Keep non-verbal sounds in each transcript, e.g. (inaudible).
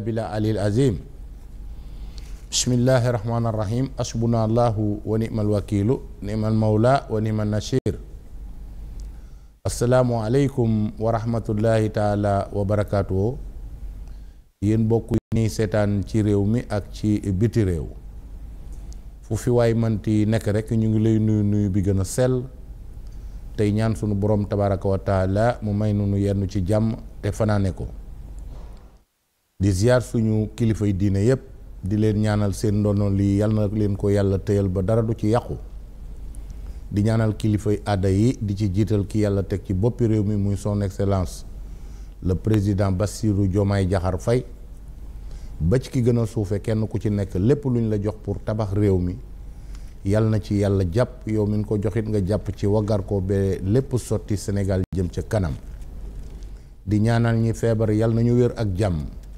bila alil azim bismillahi rahmani rahim asbuna allahu wa nimal wakilu mawla wa nimal nashir asalaamu aleykum wa rahmatullahi taala wa barakaatu yéen bokk ni seetaan ci réew mi ak ci biti réew fu fi waay manti nekk rek ñu ngi lay nuyu nuyu bi gëna sel sell tey ñaan sunu boroom tabaraka wa taala mu may nu nu yenn ci jàmm te fanaane ko di ziar suñu kilifay diine yëpp di leen ñaanal seen ndono lii yal na leen ko yàlla téyal ba dara du ci yàqu di ñaanal kilifay aada yi di ci jiital ki yàlla teg ci boppi réew mi muy son excellence le président Bassirou Diomaye Diakhar fay ba ci ki gën suufe kenn ku ci nekk lépp luñ la jox pour tabax réew mi yàlla na ci yàlla jàpp yow min ko joxit nga jàpp ci waggar ko ba lépp sotti Sénégal jëm ca kanam di ñaanal ñi feebar yàlla na ñu wér ak jàmm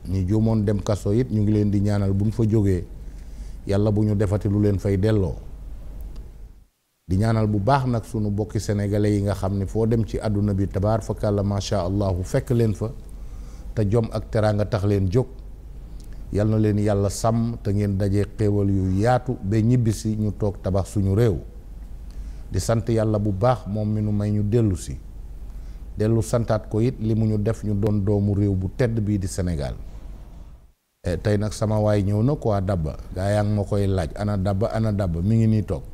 ñi juumoon dem kaso it ñu ngi leen di ñaanal bu ñu fa jógee yàlla bu ñu defati lu leen fay delloo di ñaanal bu baax nag sunu bokki sénégalais yi nga xam ni foo dem ci àdduna bi tabaar fakàlla macha allahu fekk leen fa te jom ak teraanga tax leen jóg yàlla na leen yàlla sàmm te ngeen dajee xéewal yu yaatu ba ñibbisi ñu toog tabax suñu réew di sant yàlla bu baax moom mi nu may ñu dellusi dellu santaat ko it li mu ñu def ñu doon doomu réew bu tedd bii di Sénégal Eh, tey nag sama waay ñëw na quoi dabba gaa yaa ngi ma koy laaj ana dabba ana dabba mu ngi nii toog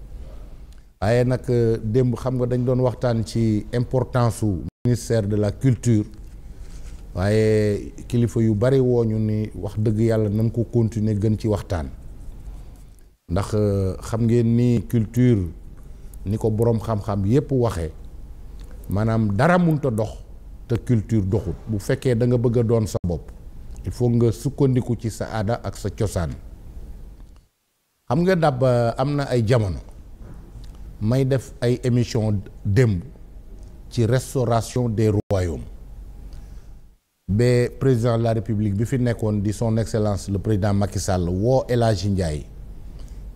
waaye nag eh, démb xam nga dañ doon waxtaan ci importance su ministère de la culture waaye kilifa yu bari wooñu ni wax dëgg yàlla nañ ko continuer gën ci waxtaan ndax eh, xam ngeen ni culture ni ko boroom xam-xam yépp waxee maanaam dara munta dox te culture doxut bu fekkee da nga bëgg a doon sa bopp il faut nga sukkandiku ci sa aada ak sa cosaan xam nga dàbb am na ay jamono may def ay émission démb ci restauration des royaumes ba président de la république bi fi nekkoon di son excellence le président Macky Sall woo El Hadji Ndiaye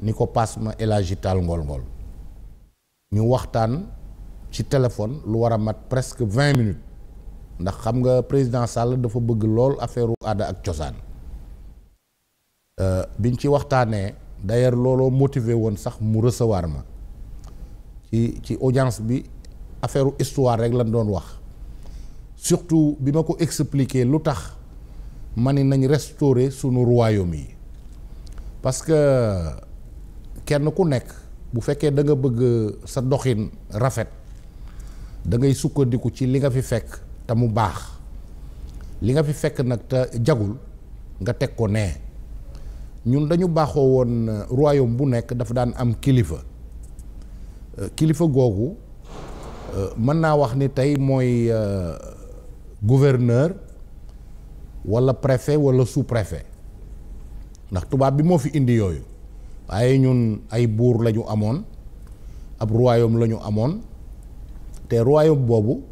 ni ko paas ma El Hadji Tall Ngol ñu waxtaan ci téléphone lu war a mat presque vingt minutes ndax xam nga président Sall dafa bëgg lool affaire aada ak cosaan euh, biñ ci waxtaanee d'ailleurs looloo motivé woon sax mu recevoir ma ci ci audience bi affaire histoire rek lañ doon wax surtout bi ma ko expliquer lu tax ma ni nañ restaurer sunu royaume yi parce que kenn ku nekk bu fekkee da nga bëgg sa doxin rafet da ngay sukkandiku ci li nga fi fekk. te mu baax li nga fi fekk nag te jagul nga teg ko nee ñun dañu baaxoo woon euh, royaume bu nekk dafa daan am kilifa euh, kilifa googu euh, mën naa wax ni tey mooy gouverneur walla préfet walla sous-préfet ndax tubaab bi moo fi indi yooyu waaye ñun ay buur lañu amoon ab royaume lañu amoon te royaume boobu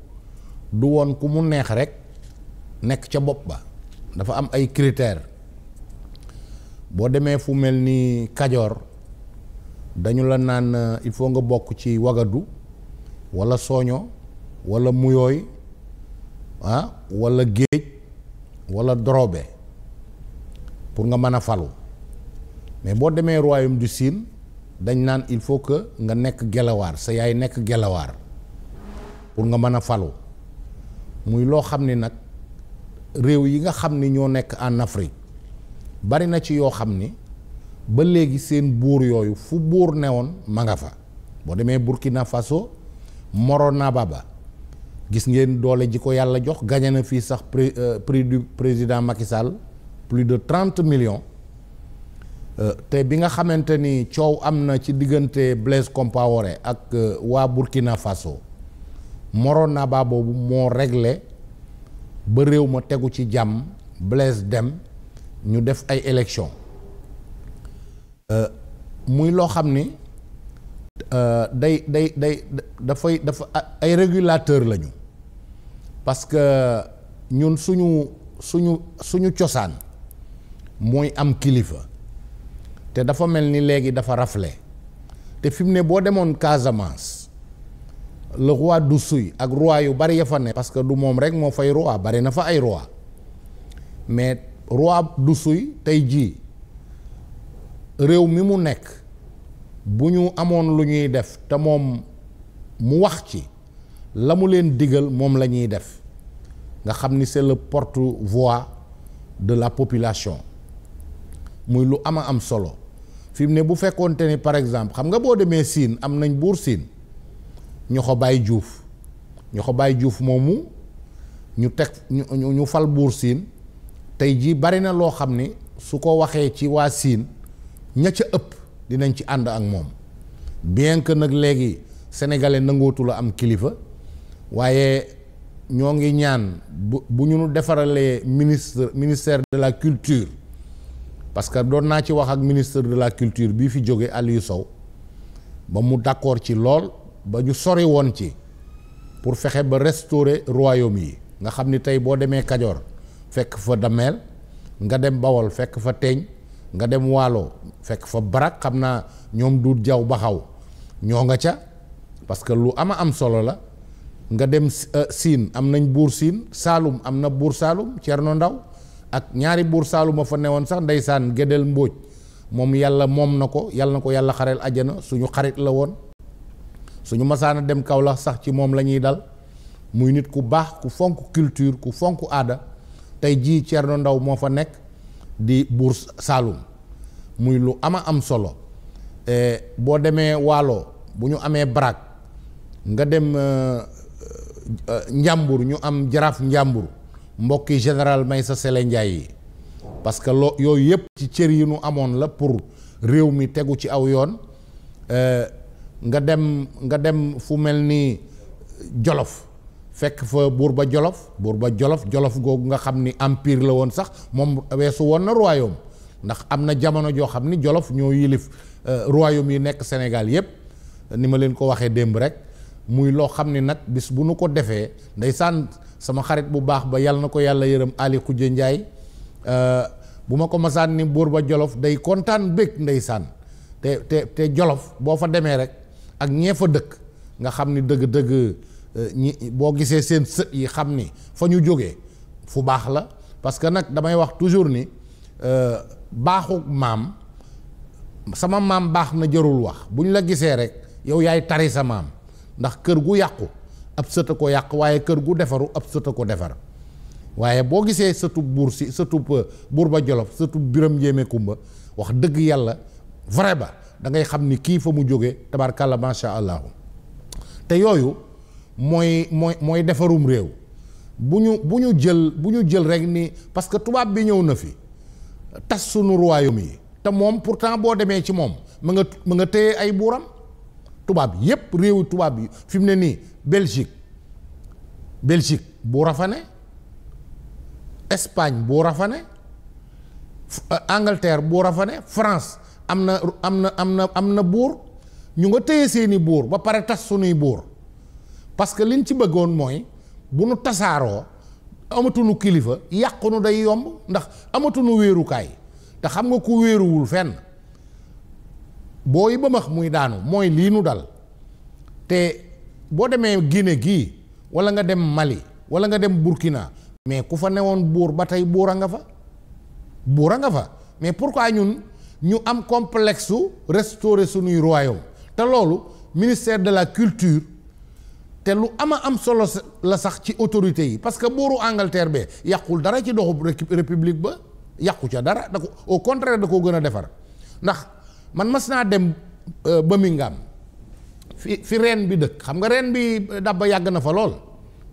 du woon ku mu neex rek nekk ca bopp ba dafa am ay critères boo demee fu mel ni Kajoor dañu la naan euh, il faut nga bokk ci Wagadu wala Soño wala Muyooy ah wala Géej wala Dorobe pour nga mën a falu mais boo demee royaume du Sine dañ naan il faut que nga nekk gelawaar sa yaay nekk gelawaar pour nga mën a falu muy loo xam ni nag réew yi nga xam ni ñoo nekk en Afrique bari na ci yoo xam ni ba léegi seen buur yooyu fu buur newoon ma nga fa boo demee Burkina Faso Moronababa gis ngeen doole ji ko yàlla jox gañe na fii sax prix euh, prix du président Macky Sall plus de trente millions euh, te bi nga xamante ni coow am na ci diggante Blaise Compaoré ak euh, waa Burkina Faso Morona baa boobu moo regle ba réew ma tegu ci jàmm Blaise dem ñu def ay élection euh, muy loo xam ni euh, day day day dafay dafa ay régulateur lañu parce que ñun suñu suñu suñu cosaan mooy am kilifa te dafa mel ni léegi dafa rafle te fi mu ne boo demoon Casamance le roi suy ak roi yu bari ya fa ne parce que du moom rek moo fay roi bari na fa ay roi mais roi du suy tey jii réew mi mu nekk bu ñu amoon lu ñuy def te moom mu wax ci la mu leen digal moom la ñuy def nga xam ni c'est le porte-voix de la population muy lu ama am solo fi mu ne bu fekkoonte ni par exemple xam nga boo demee Siin am nañ buur Siin Ñoxobaay Juuf Ñoxobaay Juuf moomu ñu teg ñu ñu fal buur siin tey jii bari na loo xam ni su ko waxee ci waa siin ña ca ëpp dinañ ci ànd ak moom bien que nag léegi sénégalais nangootu la am kilifa waaye ñoo ngi ñaan bu bu ñu defaralee ministre ministère de la culture parce que doon naa ci wax ak ministre de la culture bi fi jóge Aliou Sow ba mu d'accord ci lool ba ñu sori woon ci pour fexe ba restaurer royaume yi nga xam ni tey boo demee Kajoor fekk fa Dameel nga dem Bawol fekk fa Teeñ nga dem Waalo fekk fa Barak xam naa ñoom du jaw ba xaw ñoo nga ca parce que lu ama am solo la nga dem euh, Siin am nañ buur Siin Saalum am na buur Saalum Cerno Ndaw ak ñaari buur Saalum a fa newoon sax ndeysaan Gédel Mbóoj moom yàlla moom na ko yàlla na ko yàlla xareel àjjana suñu xarit la woon suñu masaana dem Kaolack sax ci moom la ñuy dal muy nit ku baax ku fonk culture ku fonk aada tey jii Thierno Ndaw moo fa nekk di buur Saalum muy lu ama am solo e, boo demee Waalo bu ñu amee Brak nga dem e, e, Njàmbur ñu am Jaraaf Njàmbur mbokki général Maysa Sele Ndiaye yi parce que loo yooyu yëpp ci cër yi nu amoon la pour réew mi tegu ci aw yoon nga dem nga dem fu mel ni jolof fekk fa buur ba jolof buur ba jolof jolof googu nga xam ni empire la woon sax moom weesu woon na royaume ndax am na jamono joo xam ni jolof ñoo yilif euh, royaume yi nekk Sénégal yépp ni ma leen ko waxee démb rek muy loo xam ni nag bis bu nu ko defee nday sànn sama xarit bu baax ba yàlla na ko yàlla yërëm Ali Khoudia Ndiaye euh, bu ma ko masaan ni buur ba jolof day kontaan bég ndeysaan te te te jolof boo fa demee rek ak ñee fa dëkk nga xam ni dëgg-dëgg euh, ñi boo gisee seen sët yi xam ni fa ñu jógee fu baax la parce que nag damay wax toujours ni euh, baaxu maam sama maam baax na jërul wax bu ñu la gisee rek yow yaay tari sa maam ndax kër gu yàqu ab sët a ko yàq waaye kër gu defaru ab sët a ko defar waaye boo gisee sëtub buur si sëtub euh, buur ba jolof sëtub biram njéemé kumba wax dëgg yàlla vrai da ngay xam ni kii fa mu jógee tabarkàlla macha allahu te yooyu mooy mooy mooy defarum réew bu ñu bu ñu jël bu ñu jël rek ni parce que tubaab bi ñëw na fi tas sunu royaume yi te moom pourtant boo demee ci moom mu nga mu nga téye ay buuram tubaab yépp réewu tubaab yi fi ne nii Belgique Belgique bu a fa ne Espagne buur a fa ne euh, Angleterre France am na am na am na am na buur ñu nga téye seeni buur ba pare tas sunuy buur parce que liñ ci bëggoon mooy bu nu tasaaroo amatuñu kilifa yàqu nu day yomb ndax amatuñu wéerukaay te xam nga ku wéeruwul fenn booy ba muy daanu mooy lii nu dal te boo demee Guinée gii wala nga dem Mali wala nga dem Burkina mais ku fa newoon buur ba tey buura nga fa buura nga fa mais pourquoi ñun ñu am complexe su restaurer suñuy royaume te loolu ministère de la culture te lu ama am solo la sax ci autorité yi parce que buuru Angleterre bee yàqul dara ci doxu république ba yàqu ca dara da ko au contraire da koo gën a defar ndax man mas naa dem euh, Birmingham fi fi reine bi dëkk xam nga reine bi euh, dabba yàgg na fa lool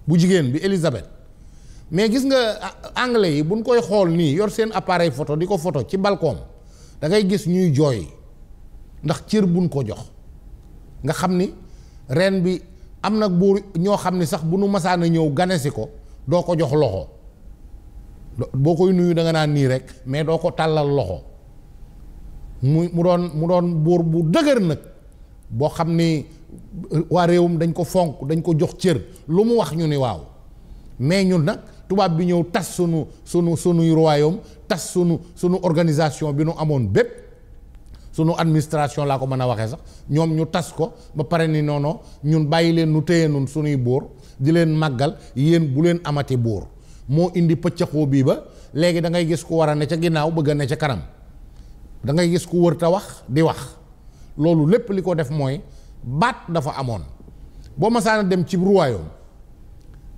bu jigéen bi Elizabeth mais gis nga anglais yi buñ koy xool nii yor seen appareil photo di ko photo ci balcon da ngay gis ñuy jooy ndax cër buñ ko jox nga xam ni reen bi am na buur ñoo xam ni sax bu nu masaan a ñëw ganesi ko doo ko jox loxo boo koy nuyu da nga naan nii rek mais doo ko tàllal loxo mu mu doon mu doon buur bu dëgër nag boo xam ni waa réewum dañ ko fonk dañ ko jox cër lu mu wax ñu ni waaw mais ñun nag tubaab bi ñëw tas sunu sunu sunuy royaume tas sunu sunu organisation bi nu amoon bépp sunu administration laa ko mën a waxee sax ñoom ñu tas ko ba pare ni noonu ñun bàyyi leen nu téye nun sunuy buur di leen màggal yéen bu leen amati buur moo indi pëccëxoo bii ba léegi da ngay gis ku war ne ca ginnaaw bëgg a ne ca kanam da ngay gis ku wër ta wax di wax loolu lépp li ko def mooy baat dafa amoon boo masaana dem ci royaume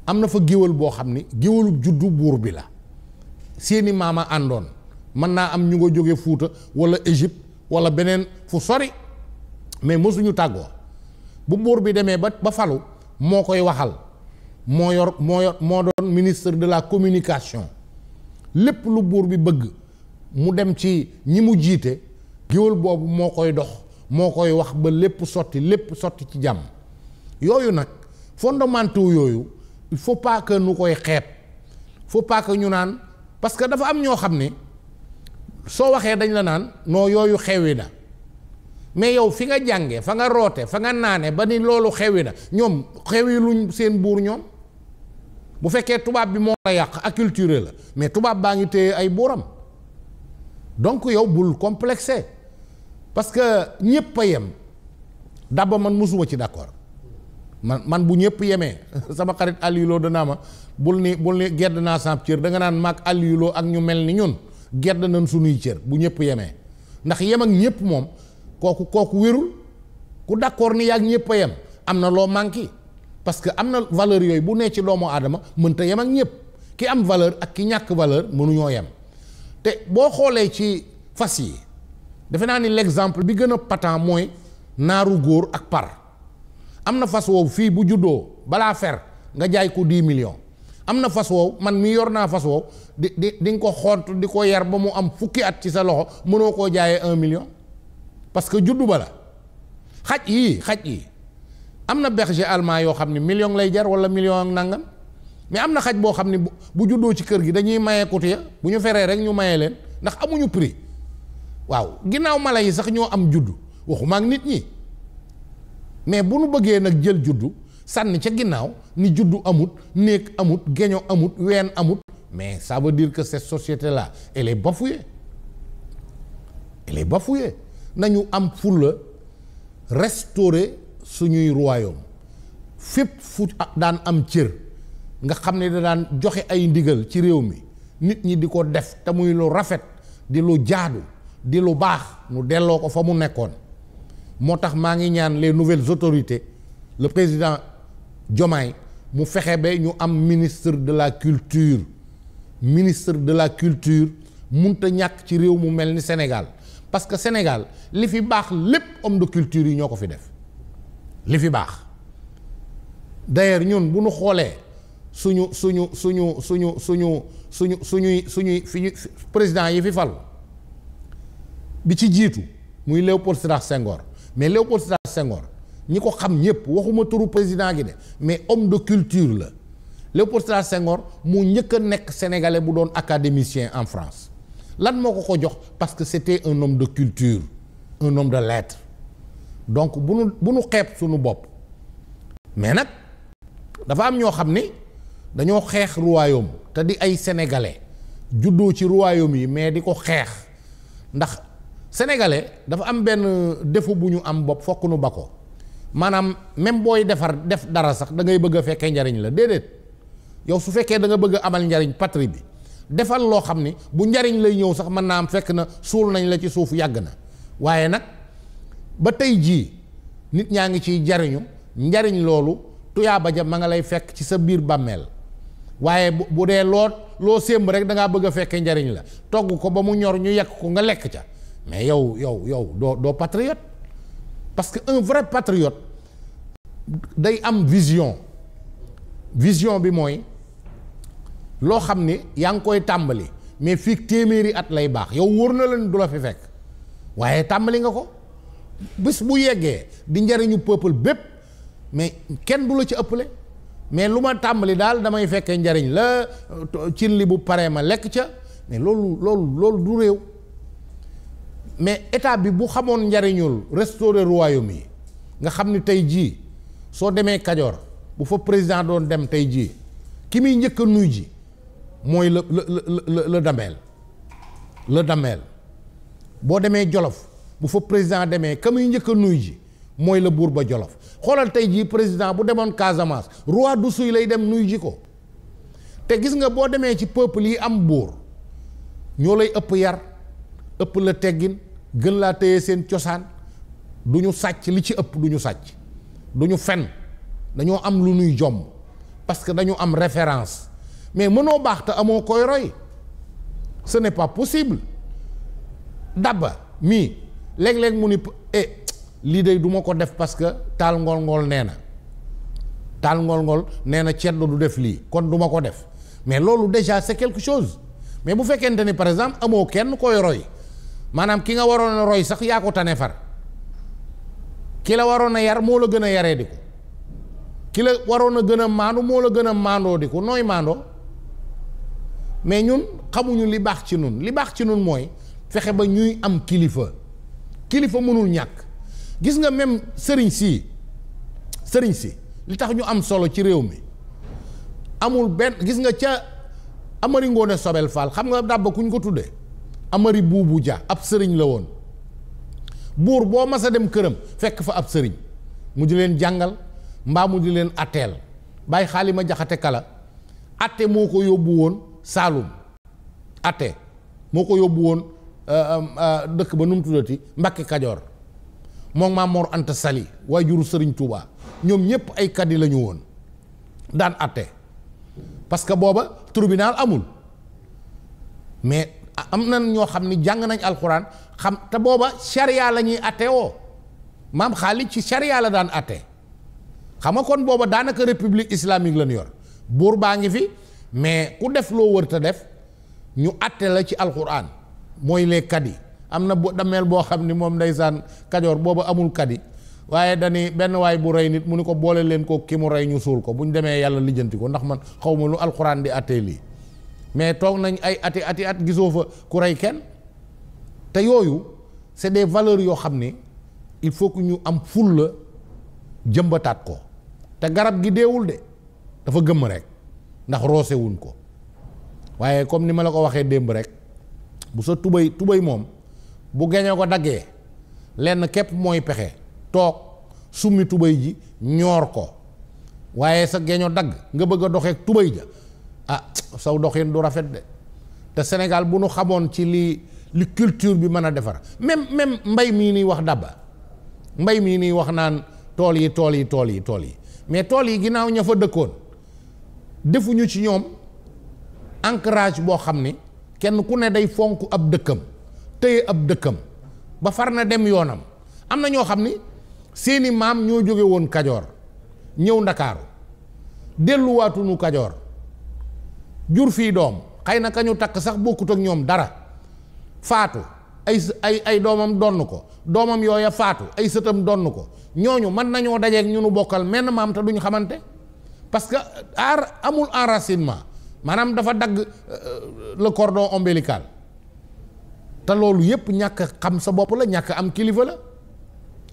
am na fa géwal boo xam ni géwalub juddu buur bi la seeni maama àndoon mën naa am ñu nga jóge Fuuta wala Égypte wala beneen fu sori mais mosuñu tàggoo bu buur bi demee ba ba falu moo koy waxal moo yor moo yor moo doon ministre de la communication lépp lu buur bi bëgg mu dem ci ñi mu jiite géwal boobu moo koy dox moo koy wax ba lépp sotti lépp sotti ci jàmm yooyu nag fondamentaux yooyu il faut pas nu koy xeeb faut pas que ñu naan parce que dafa am ñoo xam ne soo waxee dañ la naan noo yooyu xewwi na mais yow fi nga jànge fa nga roote fa nga naane ba ni loolu xewwi na ñoom xewwi luñ seen buur ñoom bu fekkee tubaab bi moo la yàq ak acculturé la mais tubaab baa ngi téye ay buuram donc yow bul complexé parce que ñépp a yem daba man mosuma ci d'accord man man bu ñëpp yemee (laughs) sama xarit Aliou Lo danaa ma bul ni bul ni gedd naa samp cër da nga naan maag Aliou Lo ak ñu mel ni ñun gedd nañ sunuy cër bu ñëpp yemee ndax yem ak ñëpp moom kooku kooku wérul ku d'accord ni yaag ñëpp yem am na loo manqué parce que am na valeur yooyu bu nee ci doomu aadama mënta yem ak ñëpp ki am valeur ak ki ñàkk valeur mënuñoo yem te boo xoolee ci fas yi defe naa ni l'exemple bi gën a patent mooy naaru góor ak par am na fas woowu fii bu juddoo balaa fer nga jaay ko 10 million am na fas woowu man mi yor naa fas woowu di di di nga ko xont di ko yar ba mu am fukki at ci sa loxo mënoo koo jaayee un million parce que juddu ba xaj yii xaj yii am na berger allemand yoo xam ne million lay jar wala million ak nangam mais am na xaj boo xam ne bu juddoo ci kër gi dañuy maye kutiya bu ñu feree rek ñu maye leen ndax amuñu prix waaw ginnaaw mala yi sax ñoo am juddu waxuma ak nit ñi. mais bu nu bëggee nag jël juddu sànni ca ginnaaw ni juddu amut néeg amut geño amut ween amut mais ça veut dire que cette société la elle est bafouée elle est bafouée nañu am fulla restaurer suñuy royaume fépp fu daan am cër nga xam ne da daan joxe ay ndigal ci réew mi nit ñi di ko def te muy lu rafet di lu jaadu di lu baax mu delloo ko fa mu nekkoon moo tax maa ngi ñaan les nouvelles autorités le président Diomaye mu fexe ba ñu am ministre de la culture ministre de la culture munta ñàkk ci réew mu mel ni Sénégal parce que Sénégal li fi baax lépp homme de culture yi ñoo ko fi def li fi baax d'ailleurs ñun bu ñu xoolee suñu suñu suñu suñu suñu suñu suñuy suñuy fi président yi fi fal bi ci jiitu muy Léopold Sédar Senghor mais Léopold Sédar Senghor ñi ko xam ñëpp waxuma turu président gi de mais homme de culture la Léopold Sédar Senghor mu njëkk nekk sénégalais bu doon académicien en France lan moo ko ko jox parce que c'était un homme de culture un homme de lettres donc bu nu bu nu xeeb suñu bopp mais nag dafa am ñoo xam ni dañoo xeex royaume te di ay sénégalais juddoo ci royaume yi mais di ko xeex ndax sénégalais dafa am benn défaut bu ñu am bopp fokk nu ba ko maanaam même booy defar def dara sax da ngay bëgg a fekkee njariñ la déedéet yow su fekkee da nga bëgg a amal njariñ patrie bi defal loo xam ni bu njariñ lay ñëw sax mën naa am fekk na suul nañ la ci suuf yàgg na waaye nag ba tey jii nit ñaa ngi ciy jariñu njariñ loolu tuyaaba ja ma nga lay fekk ci sa biir bàmmeel waaye bu bu dee loo loo sémb rek da ngaa bëgg a fekkee njariñ la togg ko ba mu ñor ñu yekk nga lekk ca mais yow yow yow doo doo patriote parce que un vrai patriote day am vision vision bi mooy loo xam ni yaa ngi koy tàmbali mais fii téeméeri at lay baax yow wóor na leen du la fi fekk waaye tàmbali nga ko bés bu yeggee di njariñu peuple bépp mais kenn du la ci ëpple mais lu ma tàmbali daal damay fekkee njariñ la cin li bu paree ma lekk ca mais loolu loolu loolu du réew mais état bi bu xamoon njariñul restaurer royaume yi nga xam ni tey jii soo demee Kajoor bu fa président doon dem tey jii ki muy njëkk a nuy ji mooy la la la la boo demee Jolof bu fa président demee ka muy njëkk a nuy ji mooy la buur ba Jolof xoolal tey jii président bu demoon Casamance roi du suy lay dem nuy ji ko te gis nga boo demee ci peuple yi am buur ñoo lay ëpp yar ëpp la teggin gën laa téye seen cosaan du ñu sàcc li ci ëpp du ñu sàcc du ñu fen dañoo am lu nuy jomm parce que dañu am référence mais mënoo baax te amoo koy roy ce n'est pas possible dabba mii léeg-léeg mu ni eh lii de du ko def parce que taal ngool-ngool nee na taal ngool-ngool nee na ceddo du def lii kon du ma ko def mais loolu déjà c'est quelque chose mais bu fekkente ni par exemple amoo kenn koy roy maanaam ki nga waroon a roy sax yaa ko tane far ki la waroon a yar moo la gën a yaree di ko ki la waroon a gën a maandu moo la gën a maandoo di ko nooy maandoo mais ñun xamuñu li baax ci nun li baax ci nun mooy fexe ba ñuy am kilifa kilifa mënul ñàkk gis nga même sëriñ si sëriñ si li tax ñu am solo ci réew mi amul benn gis nga ca Amari Ngoone Sobel Fall xam nga dàbba kuñ ko tuddee Amari Boubou ja ab sëriñ la woon buur boo mas dem këram fekk fa ab sëriñ mu di leen jàngal mbaa mu di leen atteel bàyyi ma jaxate kala atte moo ko yóbbu woon Saalum ate moo ko yóbbu woon euh, euh, euh, dëkk ba nu mu tuddati Mbakke Kajoor moom Maam Mor Anta Sali waaye juru sëriñ Touba ñoom ñépp ay kaddi la woon daan atte parce que booba tribunal amul mais am na ñoo xam ni jàng nañ alxuraan xam te booba sharia la ñuy atte maam Xaalid ci sharia la daan atte xam nga kon booba daanaka république islamique lañ yor buur baa ngi fi mais ku def loo wër def ñu atte la ci alxuraan mooy les kadi am na bo dameel boo xam ni moom ndeysaan kajoor booba amul kadi waaye dani benn waay bu rey nit mu ni ko boole leen ko ki mu rey ñu suul ko bu ñu demee yàlla lijjanti ko ndax man xaw ma lu alxuraan di attee lii mais toog nañ ay ati ati at gisoo fa ku rey kenn te yooyu c'est des valeurs yoo xam ni il faut que ñu am fulla jëmbataat ko te garab gi deewul de dafa gëmm rek ndax roose ko waaye comme ni ma la ko waxee démb rek bu sa tubay tubay moom bu geñee ko daggee lenn képp mooy pexe toog summi tubay ji ñoor ko waaye sa geño dagg nga bëgg a doxeek tubay ja ah saw doxin du rafet de te Sénégal bu nu xamoon ci li li culture bi mën a defar même même mbay mii nii wax dabba mbay mii nii wax naan tool yi tool yi tool yi tool yi mais tool yi ginnaaw ña fa dëkkoon defuñu ci ñoom ancrage boo xam ni kenn ku ne day fonk ab dëkkam téye ab dëkkam ba far na dem yoonam am na ñoo xam ni seeni maam ñoo jóge woon Kajoor ñëw Ndakaaru delluwaatunu Kajoor jur fii doom xëy na kañu takk sax bokkut ak ñoom dara faatu ay ay ay doomam donn ko doomam yooya faatu ay sëtam donn ko ñooñu mën nañoo dajeeg ñu nu bokkal menn maam te duñ xamante parce que aar amul enracinement maanaam dafa dagg euh, le cordon ombilical te loolu yépp ñàkk xam sa bopp la ñàkk am kilifa la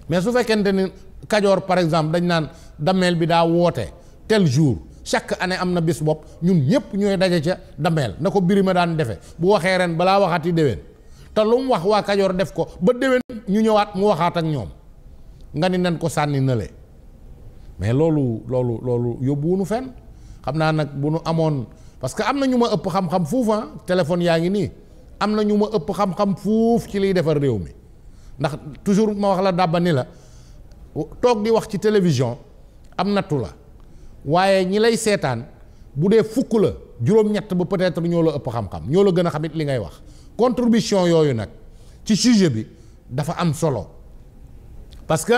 mais su fekkente ni kajoor par exemple dañ naan dammeel bi daa woote tel jour chaque année am na bis bopp ñun ñëpp ñooy daje ca dameel na ko ma daan defe bu waxee ren balaa waxaati déwén te lu mu wax waa Kajoor def ko ba déwén ñu ñëwaat mu waxaat ak ñoom nga ni nan ko sànni nële mais loolu loolu loolu yóbbuwunu fen xam naa nag bu nu amoon parce que am na ñu ma ëpp xam-xam fuuf ah téléphone yaa ngi nii am na ñu ma ëpp xam-xam fuuf ci liy defar réew mi ndax toujours ma wax la dàbba ni la toog di wax ci télévision am nattu la waaye ñi lay seetaan bu dee fukk la juróom-ñett ba peut-être ñoo la ëpp xam-xam ñoo la gën a xamit li ngay wax contribution yooyu nag ci sujet bi dafa am solo parce que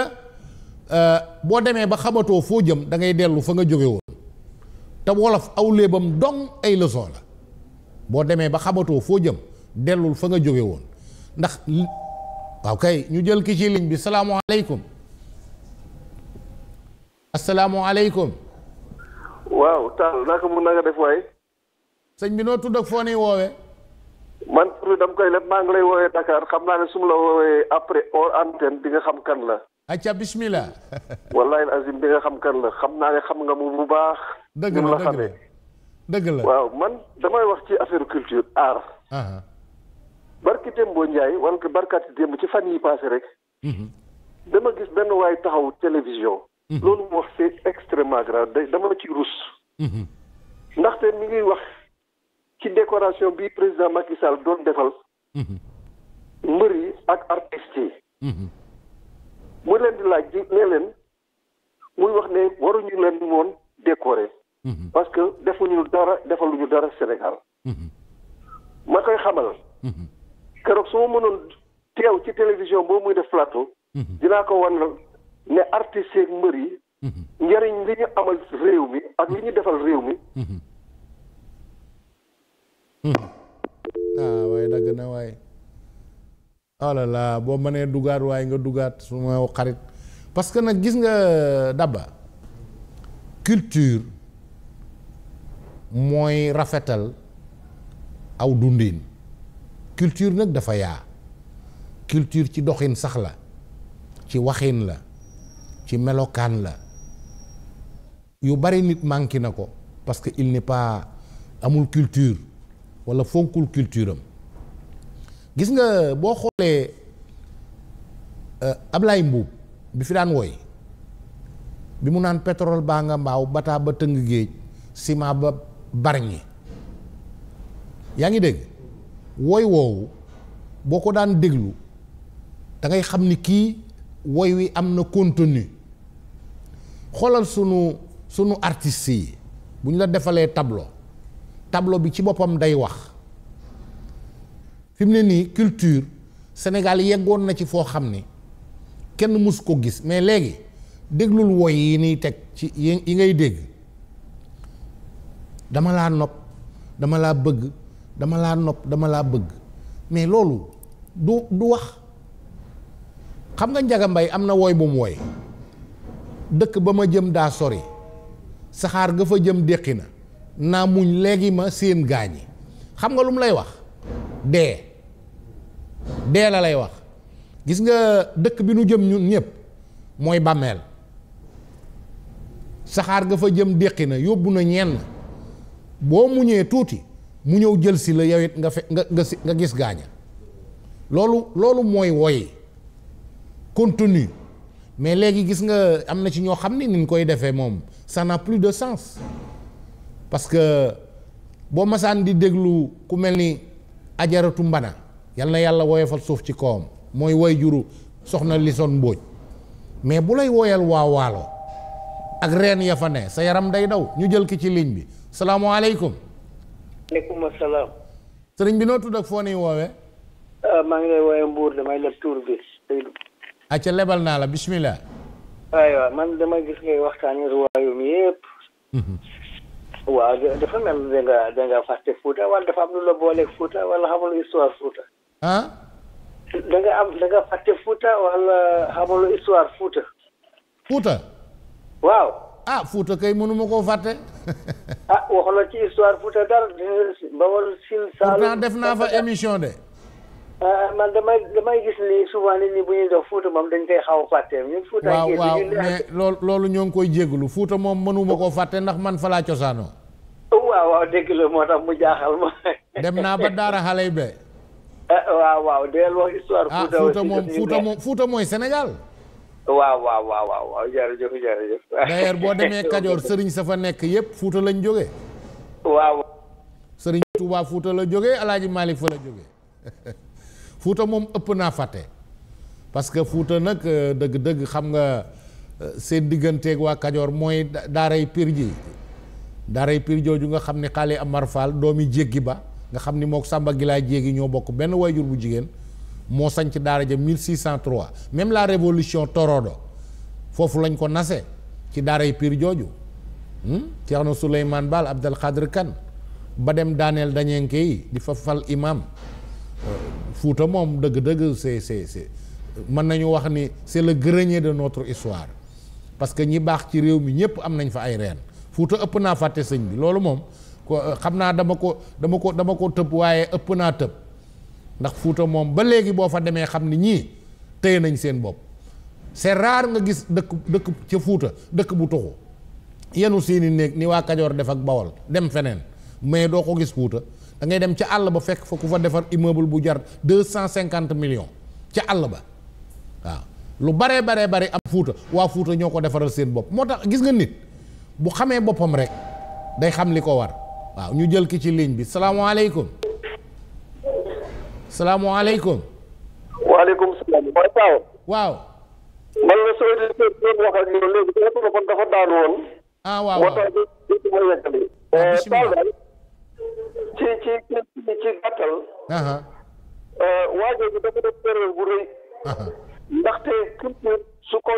euh, boo demee ba xamatoo foo jëm da ngay dellu fa nga jóge woon te wolof aw léebam dong ay leçon la boo demee ba xamatoo foo jëm dellul fa nga jóge woon ndax waaw kay ñu jël ki ci ligne bi salaamaaleykum aleykum waaw Tall naa ko mun na nga def waaye. sëñ bi noo tudd ak foo nii woowee. man pour dam koy leb maa ngi lay woowee dakaar xam naa ne su ma la woowee après hors antenne di nga xam kan la. acca bismillah. (laughs) wallaahi azim bi nga xam kan la xam naa ne xam nga mu bu baax. dëgg la dëgg la waaw man damay wax ci affaire culture art. barki Dembo Ndiaye wala barkaati démb ci fan yi passé rek. Mhm. dama gis benn waay taxaw télévision. Mhm. loolu mu wax c'est extrêmement grave day dama ci rus mhm. ndaxte mi ngi wax ci décoration bi président Macky Sall doon defal mhm. mbër yi ak artistes yi mu leen di laaj ji ne leen muy wax ne waruñu leen woon décorer parce que defuñu dara defaluñu dara Sénégal ma koy xamal keroog su ma mënoon teew ci télévision boobu muy def plateau dinaa ko wan ne artistes yeeg mbër yi. Mhm. njëriñ li ñu amal réew mi ak li ñu defal réew mi. Mhm. Mhm. ah waaye dagg na waaye. oh là là boo mënee dugaat waaye nga dugaat su ma xarit parce que nag gis nga Daba culture mooy rafetal aw dundin culture nag dafa yaa culture ci doxin sax la ci waxin la. ci melokaan la yu bari nit manqué na ko parce que il n'est pas amul culture walla fonkul culture am gis nga boo xoolee euh, Ablaye Mbuub bi fi daan woy bi mu naan pétrole baa nga mbaaw bataa ba tëng géej ciment ba barñi yaa ngi dégg woy woowu boo ko daan déglu dangay xam ni kii woy wi am na contenu xoolal sunu sunu artistes yi bu ñu la defalee tablo tablo bi ci boppam day wax fi mu ne nii culture Sénégal yeggoon na ci foo xam ni kenn mus ko gis mais léegi déglul woy yi niy teg ci yi ngay dégg dama laa nopp dama laa bëgg dama laa nopp dama laa bëgg mais loolu du du wax xam nga Njaga Mbay am na woy bu woy dëkk ba ma jëm daa sori saxaar ga fa jëm déqi na naa muñ léegi ma seen gaañi xam nga lu mu lay wax dee dee la lay wax gis nga dëkk bi nu jëm ñun ñëpp mooy bàmmeel saxaar ga fa jëm déqi na yóbbu na ñenn boo muñee tuuti mu ñëw jël si la yow it nga fe nga nga si nga gis gaaña loolu loolu mooy woy contenu mais léegi gis nga am na ci ñoo xam ni ni ñu koy defee moom ça n'a plus de sens parce que boo masaan di déglu ku mel ni ajaratu mbana yal na yàlla woyofal suuf ci kawam mooy woy juru soxna Lison Mbóoj mais bu lay woyal waa waalo ak reen ya fa ne sa yaram day daw ñu jël ki ci ligne bi salaamaaleykum. aleykum salaam. sëriñ bi noo tudd ak foo nii woowee. Euh, maa ngi lay woowee Mbour damay leb tur bi. acca lebal naa la bismillah aywa man dama gis ngay waxtaani ruwaayum yépp mhm. waaw dafa mel da nga fàtte Fuuta wala dafa am lu la booleeg Fuuta wala xamul histoire Fuuta ah? Fuuta waaw ah Fuuta kay mënuma koo fàtte (laughs) ah waxoon ci histoire Fuuta dara ba war sil pourtant def naa fa émission de Euh, man damay damay gis ni souvent nit ñi bu ñuy dox Fuuta moom dañ koy xaw a fàtte ñun. Fuuta waaw waaw mais loolu loolu ñoo ngi koy jégalu Fuuta moom mënuma koo fàtte ndax man fa laa cosaanoo. (laughs) waaw waaw dégg la (laughs) dem naa ba Daara xale yi be. (laughs) Eh, waaw waaw histoire. Ah, Fuuta mooy Sénégal. waaw waaw waaw waaw jërëjëf jërëjëf. d'ailleurs boo demee Kajoor sëriñ sa fa nekk yépp Fuuta lañ jógee. waaw. sëriñ Touba Fuuta la jógee El Hadj fa la jógee. Fuuta moom ëpp naa fàtte parce que Fuuta nag euh, dëgg-dëgg xam nga euh, seen digganteeg waa Kajoor mooy daaray Pir ji daaray Pir jooju nga xam ni xaale Amar Fall doomi jéggi ba nga xam ni mook Samba Gilaay Jéegi ñoo bokk benn wayjur bu jigéen moo sanc daara ja 1603 même la révolution torodo foofu lañ ko nase ci daaray Pir jooju Ceerno hmm? Suleymaan Baal Abdal Xaadir Kan ba dem daaneel dañenke yi di fa fal imam Fouta moom dëgg-dëgg c'est c'est c'est mën nañu wax ni c'est le grenier de notre histoire parce que ñi baax ci réew mi ñëpp am nañ fa ay reen Fouta ëpp naa fàtte sëñ bi loolu moom ko xam naa dama ko dama ko dama ko tëb waaye ëpp naa tëb ndax Fouta moom ba léegi boo fa demee xam ni ñii téye nañ seen bopp c'est rare nga gis dëkk dëkk ca fuuta dëkk bu toxu yenu seeni néeg ni waa Kajoor def ak Bawol dem feneen mais doo ko gis fuuta dangay dem ca àll ba fekk fa ku fa defar immeuble bu jar deux cent cinquante ca àll ba waaw lu baree bare bari am fuuta waa fuuta ñoo ko defaral seen bopp moo tax gis nga nit bu xamee boppam rek day xam li ko war waaw ñu jël ki ci ligne bi salaamaaleykum salaamaaleykum waaleykum salaam waaw ci ci ci ci gàttal. Euh, waajoo bi dafa def erreur bu rëy. ndaxte culture su ko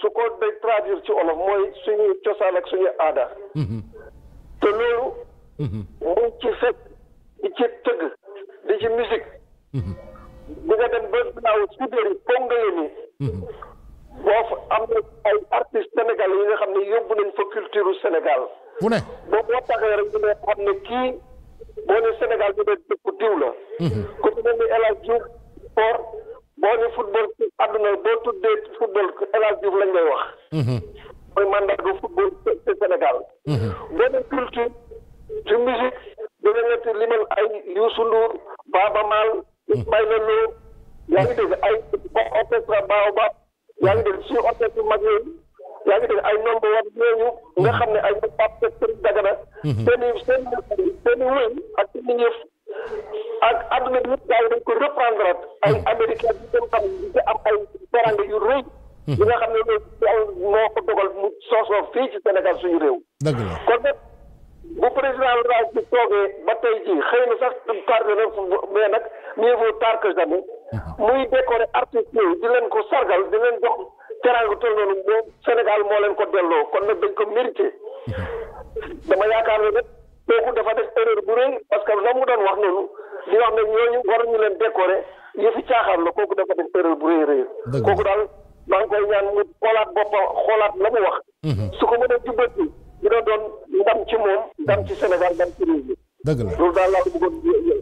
su ko day traduire ci olof mooy suñu cosaan ak suñu aada. Mhm. te loolu. Mhm. mu ci fekk ci tëgg di ci musique. Mhm. di nga dem ba naaw suudeer yi ni boo fa am na ay artistes sénégalais yi nga xam ne yóbbu nañ fa culture Sénégal. bu ne boo boo taxee rek ñu ne xam ne kii boo ne Sénégal ñu la mhm. ku ci mel ni El Hadj sport boo ne football ci àdduna boo tuddee football El Hadj Diouf lañ wax mhm. mooy mandat du football ci Sénégal mhm. boo ne culture ci musique dina nekk limal ay Youssou Ndour Baaba Maal Ismaïla yaa ngi dégg ay orchestre Baobab yaa ngi dégg suñu orchestre mag yaa ngi dégg ay nombre war yooyu nga xam ne ay Pape Seck Dagana mhm. seen i seen seen i wéy ak yu i yëf ak àdduna bi yëpp daaw dañ ko reprendre ay mhm. américain bi seen yu rëy li mhm. nga xam ne loolu yàlla moo ko mu soosoo fii ci Sénégal suñu réew dëgg la kon nag bu président Wade bi toogee ba tey jii xëy na sax tardé na mais nag mieux vaut tard que jamais muy décorer artistes yooyu di leen ko sargal di leen jox teraanga toll noonu moom Sénégal moo leen ko delloo kon nag dañ ko mérité dama yaakaar ne nag kooku dafa def erreur bu rëy parce que la mu doon wax noonu li wax ne ñooñu waruñu leen décorer yëfi caaxaan la kooku dafa def erreur bu rëy rëy kooku daal maa ngi koy ñaan mu xoolaat boppam xoolaat la mu wax mhm. su ko mënee jubbanti ñu doon doon ndam ci moom ndam ci Sénégal ndam ci réew mi dëgg la loolu daal laa ko bëggoon jël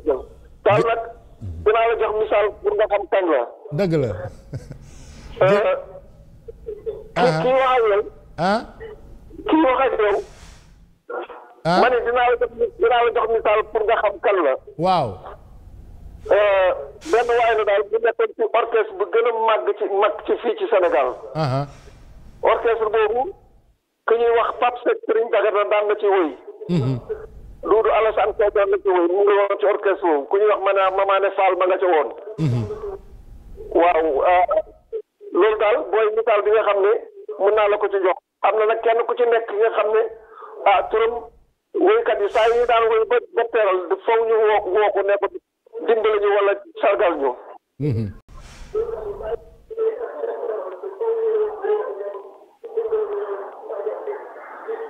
daal nag mhm. dinaa la jox misaal pour nga xam kañ la dëgg euh, ah, ah. kii wax ak yow. Ah. kii wax ak yow. ah ma ne dinaa la jox dinaa la jox misaal pour nga xam kan la. waaw. Euh, benn waay la daal bu nekkoon ci orchestre bu gën a màgg ci mag ci fii ci Sénégal. orchestre boobu ku ñuy wax Pape Seck Serigne Dagana daan na ci woy. Mhm. Doudou Alassane Sow daan na ci woy mu ngi woon ci orchestre boobu ku ñuy wax ma ne Mamane Fall ma nga ca woon. Mhm. waaw. Euh, loolu daal booy misaal bi nga xam ne mën naa la ko ci jox am na nag kenn ku ci nekk nga xam ne ah turam woykat yi saa yi daan woy ba ba teeral faw ñu woo woo dimbali ñu wala sargal ñu. Mm-hmm.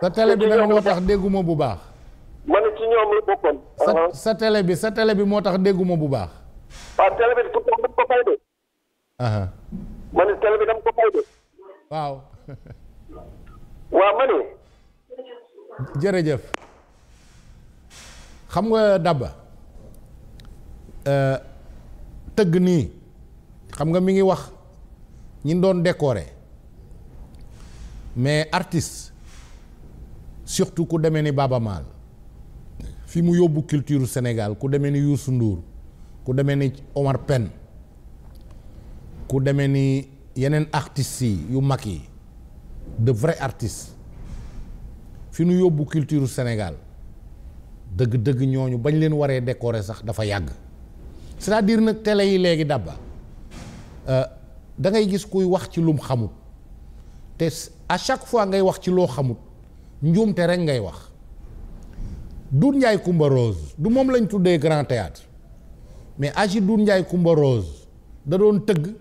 sa télé bi nag moo tax dégguma bu baax. ma ne ci ñoom la bokkoon. sa uh-huh. sa télé bi sa télé bi moo tax dégguma bu baax. waaw ah, télé bi pour tax ko fay de. Uh-huh. waaw. waaw ma jërëjëf. xam nga Daba. Euh, tëgg nii xam nga mi ngi wax ñi doon décorer mais artiste surtout ku demee ni Baaba Maal fi mu yóbbu culture Sénégal ku demee ni Youssou Ndour ku demee ni Omar Pène ku demee ni yeneen artistes yi yu mag yi de vrai artistes fi nu yóbbu culture Sénégal dëgg-dëgg ñooñu bañ leen waree décorer sax dafa yàgg cest diir nag télé yi léegi dabba euh, da ngay gis kuy wax ci lum xamut te à chaque fois ngay wax ci loo xamut njuumte rek ngay wax Doudou Ndiaye Coumba Rose du moom lañ tuddee grand théâtre mais agi Doudou njaay Coumba Rose da doon tëgg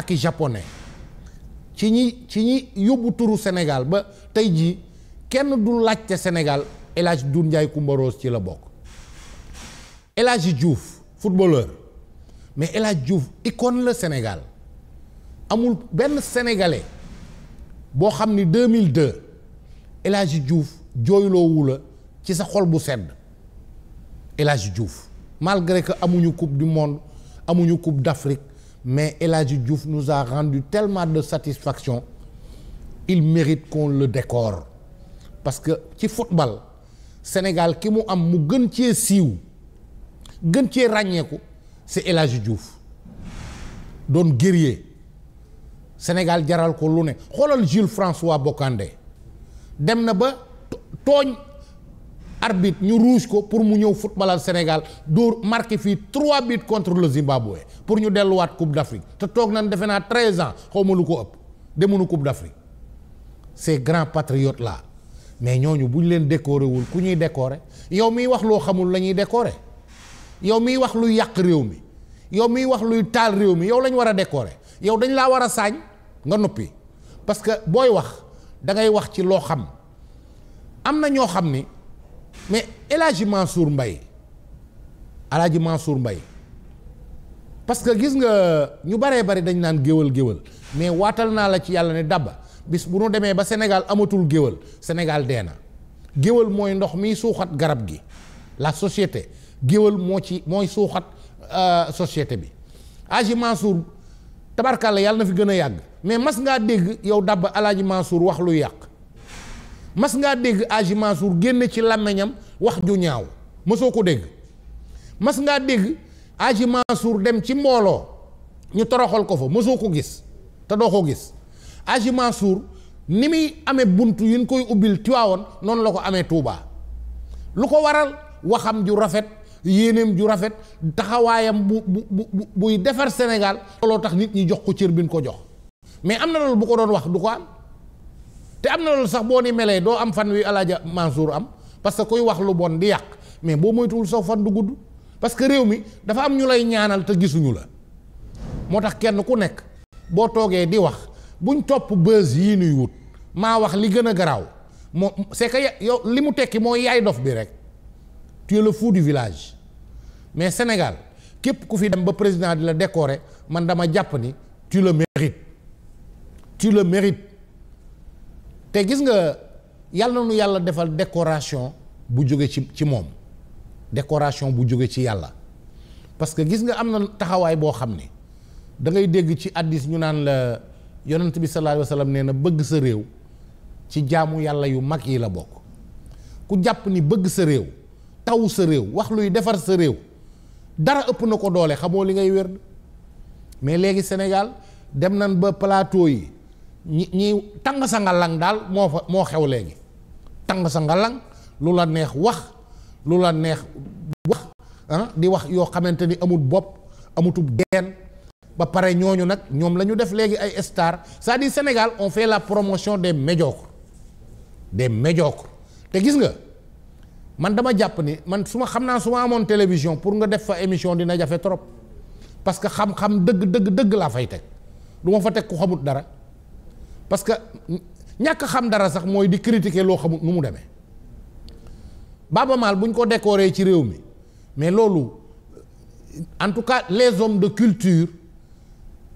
ak japone japonais ci ñi ci ñi yóbbu turu Sénégal ba tey jii kenn du laajte Sénégal El Hadj Doudou Ndiaye Coumba ci la bokk El juuf Diouf mais El Hadj Diouf icône la Sénégal amul benn sénégalais boo xam ni 2002 El Hadj Diouf jooyloowu la ci sa xol bu sedd El Hadj Diouf malgré que amuñu coupe du monde amuñu coupe d'Afrique mais El Hadji Diouf nous a rendu tellement de satisfaction il mérite qu'on le décor parce que ci football Sénégal ki mu am mu gën cee siiw gën cee ràññeeku c'est El Hadji doon guerrier Sénégal jaral ko lu ne xoolal Jules François Bocandé dem na ba tooñ arbitre ñu ruus ko pour mu ñëw footballal Sénégal dóor marqué fii trois buts contre le Zimbabwe pour ñu delluwaat Coupe d'Afrique te toog nañ defe naa treize ans xaw ma lu ko ëpp demuñu Coupe d'Afrique ces grands patriotes là mais ñooñu bu ñu leen décoré wul ku ñuy décoré yow miy wax loo xamul la ñuy décoré yow miy wax luy yàq réew mi yow miy wax luy taal réew mi yow lañ war a décoré yow dañ laa war a saañ nga noppi parce que booy wax da ngay wax ci loo xam am na ñoo xam ni. mais El Hadj mbay Mbaye El mbay Mansour parce que gis nga ñu baree bari dañ naan géwal géwal mais waatal naa la ci yàlla ne dabba bis bu nu demee ba Sénégal amatul géwal Sénégal dee na géwal mooy ndox miy suuxat garab gi la société géwal moo ci mooy suuxat euh, société bi Hadj tabarkaal la yàlla na fi gën a yàgg mais mas ngaa dégg yow dabba El Hadj Mansour wax lu yàq mas ngaa dégg Aji Mansour génne ci làmmeñam wax ju ñaaw mësoo ko dégg mas ngaa dégg Aji Mansour dem ci mbooloo ñu toroxal ko fa mësoo ko gis te doo ko gis Aji Mansour ni muy amee bunt yu ñu koy ubbil Tiwaawoon noonu la ko amee Tuubaa lu ko waral waxam ju rafet yéeneem ju rafet taxawaayam bu bu bu buy defar Sénégal looloo tax nit ñi jox ko cër bi ko jox mais am na loolu bu ko doon wax du ko am te am na loolu sax boo ni melee doo am fan wi alaaja Mansour am parce que kuy wax lu bon di yàq mais boo moytuwul soo fan du gudd parce que réew mi dafa am ñu lay ñaanal te gisuñu la moo tax kenn ku nekk boo toogee di wax buñ topp bës yi nuy wut maa wax li gën a garaaw moo c'est que yow li mu tekki mooy yaay dof bi rek tu es le fou village mais Sénégal képp ku fi dem ba président di la décorer man dama jàpp ni tu le mérites le mérites te gis nga yàlla nu yàlla defal décoration bu jóge ci ci moom décoration bu jóge ci yàlla parce que gis nga am na taxawaay boo xam ne da ngay dégg ci addis ñu naan la yonent bi sallallahu alayhi nee na bëgg sa réew ci jaamu yàlla yu mag yi la bokk ku jàpp ni bëgg sa réew taw sa réew wax luy defar sa réew dara ëpp na ko doole xamoo li ngay wér mais léegi Sénégal dem nan ba palaato yi ñi ñi tàng sa ngalang daal moo fa moo xew léegi tàng sa ngalang lu la neex wax lu la neex wax ah, di wax yoo xamante ni amut bopp amutub geen ba pare ñooñu nag ñoom la ñu def léegi ay star cest Sénégal on fait la promotion des médiocres des médiocres te gis nga man dama jàpp ni man su ma xam naa su ma amoon télévision pour nga def fa émission dina jafe trop parce que xam-xam dëgg dëgg dëgg laa fay teg duma fa teg ku xamut dara parce que ñàkk xam dara sax mooy di critiquer loo xamut nu mu demee Baaba Maal bu ñu ko décoré ci réew mi mais loolu en tout cas les hommes de culture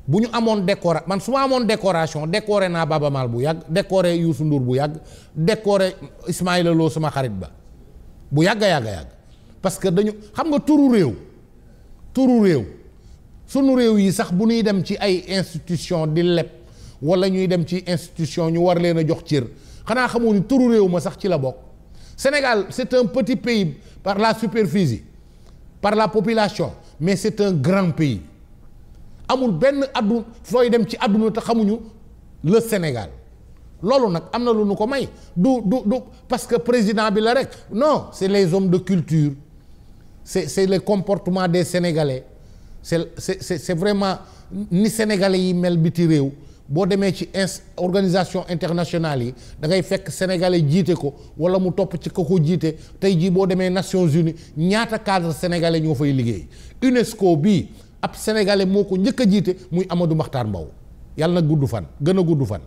bu ñu amoon décora man su ma amoon décoration décoré naa Baaba bu yàgg décoré Youssou Ndour bu yàgg décoré Ismaïla Lo sama xarit ba bu yàgg a yàgg a parce que dañu xam nga turu réew turu réew sunu réew yi sax bu nuy dem ci ay institution di leb wala ñuy dem ci institution ñu war leen a jox cër xanaa xamoo ni turu réew ma sax ci la bokk Sénégal c'est un petit pays par la superficie par la population mais c'est un grand pays amul benn addu fooy dem ci àdduna te xamuñu le Sénégal loolu nag am na lu nu ko may du du du parce que président bi la rek non c'est les hommes de culture c'est c'est le comportement des Sénégalais c'est c'est c'est vraiment ni Sénégalais yi mel biti réew boo demee ci ins organisation internationale yi da ngay fekk sénégalais jiite ko wala mu topp ci ko ko jiite tey jii boo demee Nations Unies ñaata cadre sénégalais ñoo fay liggéey UNESCO bii ab sénégalais moo ko njëkk a jiite muy Amadou Mahtar Mbow yàlla na gudd fan gën a gudd fan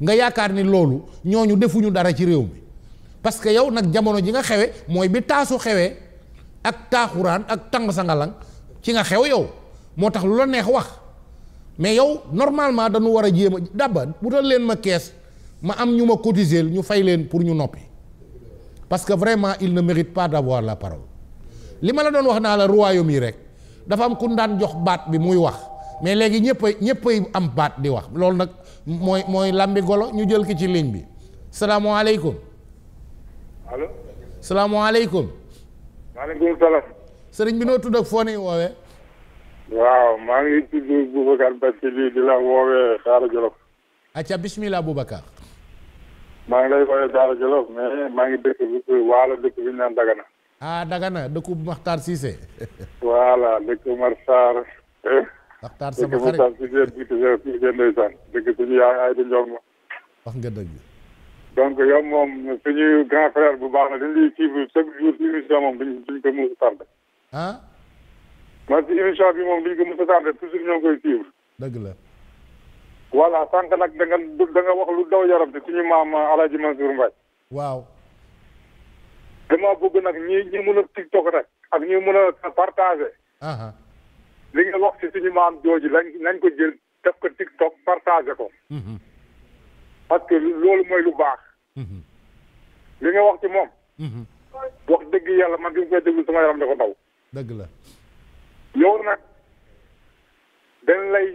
nga yaakaar ni loolu ñooñu defuñu dara ci réew mi parce que yow nag jamono ji nga xewe mooy bi taasu xewee ak taaxuraan ak tàng sangalang ci nga xew yow moo tax lu la neex wax mais yow normalement dañu war a jéem a daba leen ma kees ma am ñu ma cotiser ñu fay leen pour ñu noppi parce que vraiment il na mérite pas d'avoir la parole li ma la doon wax naa la royaume yi rek dafa am ku daan jox baat bi muy wax mais léegi ñëpp a ñëpp am baat di wax loolu nag mooy mooy làmbi golo ñu jël ki ci ligne bi salaamaaleykum. allo. salaamaaleykum. maaleykum salaam. sëriñ bi noo tudd ak foo ne woowee. waaw maa ngi tudd Boubacar Bathily di la woowee Daara Jolof. acca bismillah Boubacar. maa ngi lay woowee Daara Jolof mais maa ngi dëkk bi dëkk bi ñu naan Dagana. ah Dagana dëkku Maxtaar Cissé. voilà dëkk Maxtaar. Maxtaar sama xarit dëkk Maxtaar Cissé dëkk suñu yaay ay di njoom ma. wax nga dëgg. donc yow moom suñu grand frère bu baax na dañu lay suivre chaque jour émission moom duñ duñ ko mën a tardé. Ah? man si émission bi moom duñ ko mos a tardé toujours ñoo ngi koy nag da nga da lu daw yaram te suñu maam El Hadj Mansour Mbaye. waaw. dama bëgg nag ñi ñi mën a tiktok rek ak ñi mën a partagé. li nga wax ci suñu maam jooju lañ nañ ko jël def ko tiktok partagé ko. Mhm. parce loolu mooy lu baax. Mhm. li nga wax ci moom. Mhm. wax dëgg yàlla man bi mu koy déglu sama yaram dafa daw. dëgg la. yow nag dañ lay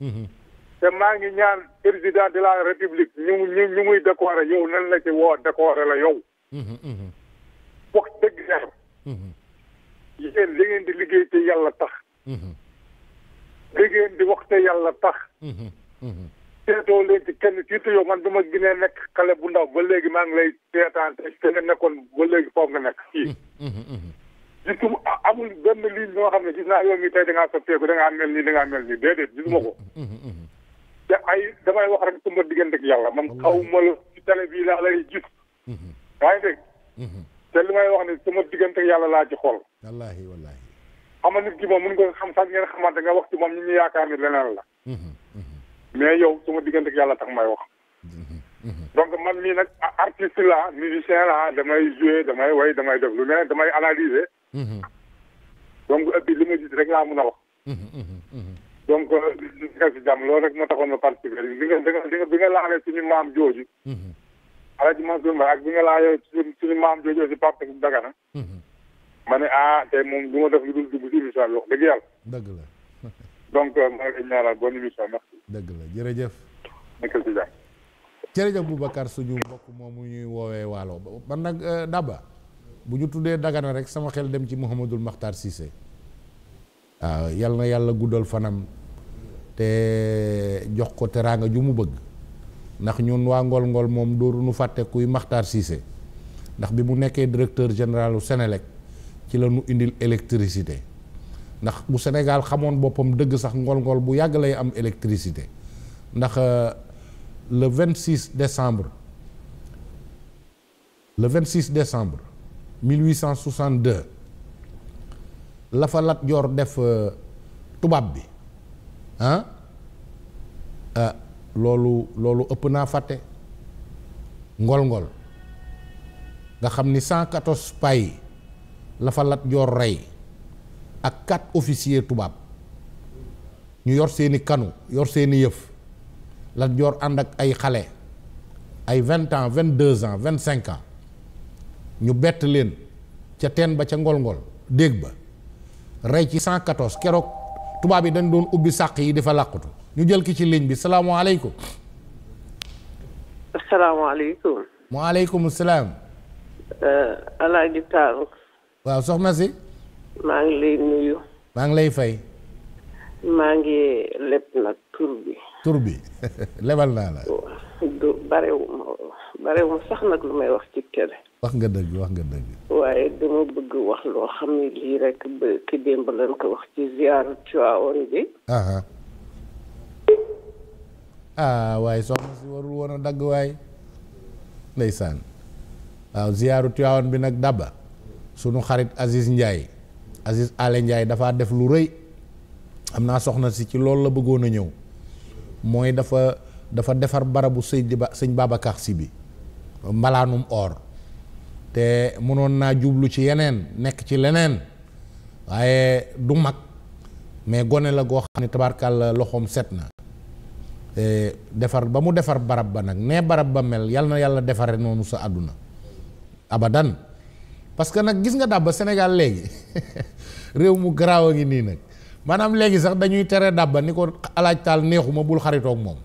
mhm. te maa ngi ñaan président de la république ñu ñu ñu muy décorer yow nan la ci woo décorer la yow. Mhm, mhm. wax dëgg yàlla. yéen li ngeen di liggéey te yàlla tax. li ngeen di wax te yàlla tax. seetoo leen ci kenn surtout yow man bi ma nekk xale bu ndaw ba léegi maa ngi lay seetaan te nga nekkoon ba léegi foofu nga nekk fii. surtout amul benn ligne boo xam ne gis naa yow mii tey da ngaa soppeeku da ngaa mel nii da ngaa mel nii déedéet gisuma ko. Mm-hmm, mm-hmm, mm-hmm. te ay damay wax rek suma diggante yàlla man xaw ma la ci télé bii laa lay gis. yaa ngi dégg. te li may wax ne suma diggante ak yàlla laa ci xool. wallaahi wallaahi. xam nga nit ki moom mun nga xam sax ngeen xamante nga wax ci moom ñu ñu yaakaar ni leneen la. mais yow suma diggante yàlla tax may wax. donc man mii nag artiste la musicien la damay jouer damay way damay damay analyser. Mm-hmm. donc ëpp euh, bi li ma gis rek laa mun a wax. Mm-hmm. donc euh, li nga jàmm loolu rek moo taxoon na participer bi nga bi nga bi nga suñu maam jooju. Mm-hmm. Alaaji Mansour Mbaye ak suñu maam jooju aussi Pape Seck Dagana. ma ne ah tey moom du ma def lu dul dugg si émission bi wax dëgg yàlla. dëgg la. (laughs) donc euh, ma ngi ñaanal bonne émission merci. dëgg la jërëjëf. nekkal si jàmm. jërëjëf Boubacar suñu mbokk moomu ñuy woowee waalo ban nag Daba. bu ñu tuddee Dagana rek sama xel dem ci Mouhamadul Makhtar Cissé waaw yal na yàlla guddal fanam te jox ko teraanga ju mu bëgg ndax ñun waa ngool ngool moom dooru nu fàtte kuy maxtar Cissé ndax bi mu nekkee directeur général u ci la nu indil électricité ndax bu Sénégal xamoon boppam dëgg sax ngool ngool bu yàgg lay am électricité ndax euh, le 26 décembre le 26 décembre. 1862 la fa Lat Joor def euh, tubaab bi ah loolu loolu ëpp naa fàtte ngol-ngol nga xam ni 114 pay la fa Lat Joor rey ak quatre officiers tubaab ñu yor seeni kanu yor seeni yëf Lat Joor ànd ak ay xale ay vingt ans vingt deux ans vingt cinq ans ñu bett leen ca teen ba ca ngol-ngol dégg ba rey ci 114 keroog tubaab yi dañ doon ubbi sàq yi di fa làqutu ñu jël ki ci ligne bi salaamaaleykum. salaamaaleykum. waaleykum salaam. Euh, Alaaji Taaru. waaw soxna si. maa ngi lay nuyu. maa ngi lay fay. maa ngi leb nag tur bi. tur bi (laughs) lebal naa la. barewuma barewuma sax nag lu may wax ci télé. wax nga dëgg wax nga dëgg. waaye dama bëgg wax loo xam ne lii rek ba ki démb lañ ko wax ci ziaru Tiwaawoon bi. ah waaye soxna si warul woon a dagg waay ndeysaan waaw ziaru Tiwaawoon bi nag daba sunu xarit Aziz Ndiaye Aziz Ale Ndiaye dafa def lu rëy am naa soxna si ci loolu la bëggoon a ñëw mooy dafa dafa defar barabu sëñ di ba sëñ Babacar bi mbalaanum or. te mënoon naa jublu ci yeneen nekk ci leneen waaye du mag mais gone la goo xam ne tabarkàlla loxoom set na defar ba mu defar barab ba nag nee barab ba mel yal na yàlla defare noonu sa àdduna abadan parce que nag gis nga dàbb Sénégal léegi (laughs) réew mu garaaw a ngi nii nag maanaam léegi sax dañuy tere dàbba ni ko alaaj neexuma bul xaritook moom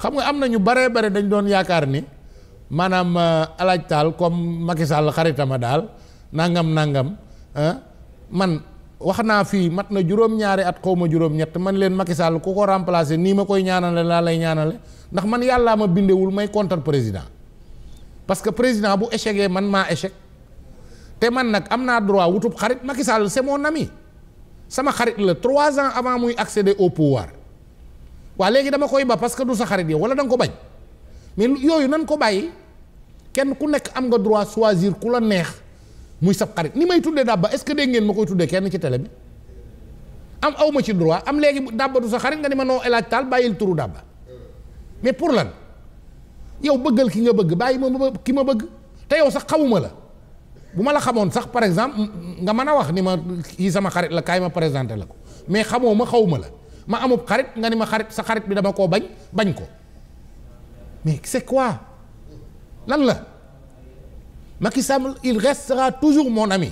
xam nga am na ñu baree bare dañ doon yaakaar ni maanaam euh, alaaj taal comme Macky Sall xaritama daal nangam nangam man wax naa fii mat na juróom-ñaari at xaw ma juróom-ñett man leen Macky Sall ku ko remplacer nii ma koy ñaanale laa lay ñaanale ndax man yàllaa ma bindewul may contre président parce que président bu échecgee man maa échec te man nag am naa droit wutub xarit Macky Sall c'est mon sama xarit la trois ans avant muy accéder au pouvoir waa léegi dama koy ba parce que du sa xarit yow wala da ko bañ mais yooyu nan ko bàyyi kenn ku nekk am nga droit choisir ku la neex muy sab xarit ni may tuddee dàbba est-ce que dégg ngeen ma koy tuddee kenn ci télé bi am aw ma ci droit am léegi dàbba du sa xarit nga ni ma noo elaaj taal bàyyil turu dàbba mais pour lan yow bëggal ki nga bëgg bàyyi ma ki ma bëgg te yow sax xawuma la bu ma la xamoon sax par exemple nga mën a wax ni ma kii sama xarit la kaay ma présenté la ko mais xamoo ma xawuma la ma amub xarit nga ni ma xarit sa xarit bi dama koo bañ bañ ko mais c'est lan la Macky Sall il restera toujours mon ami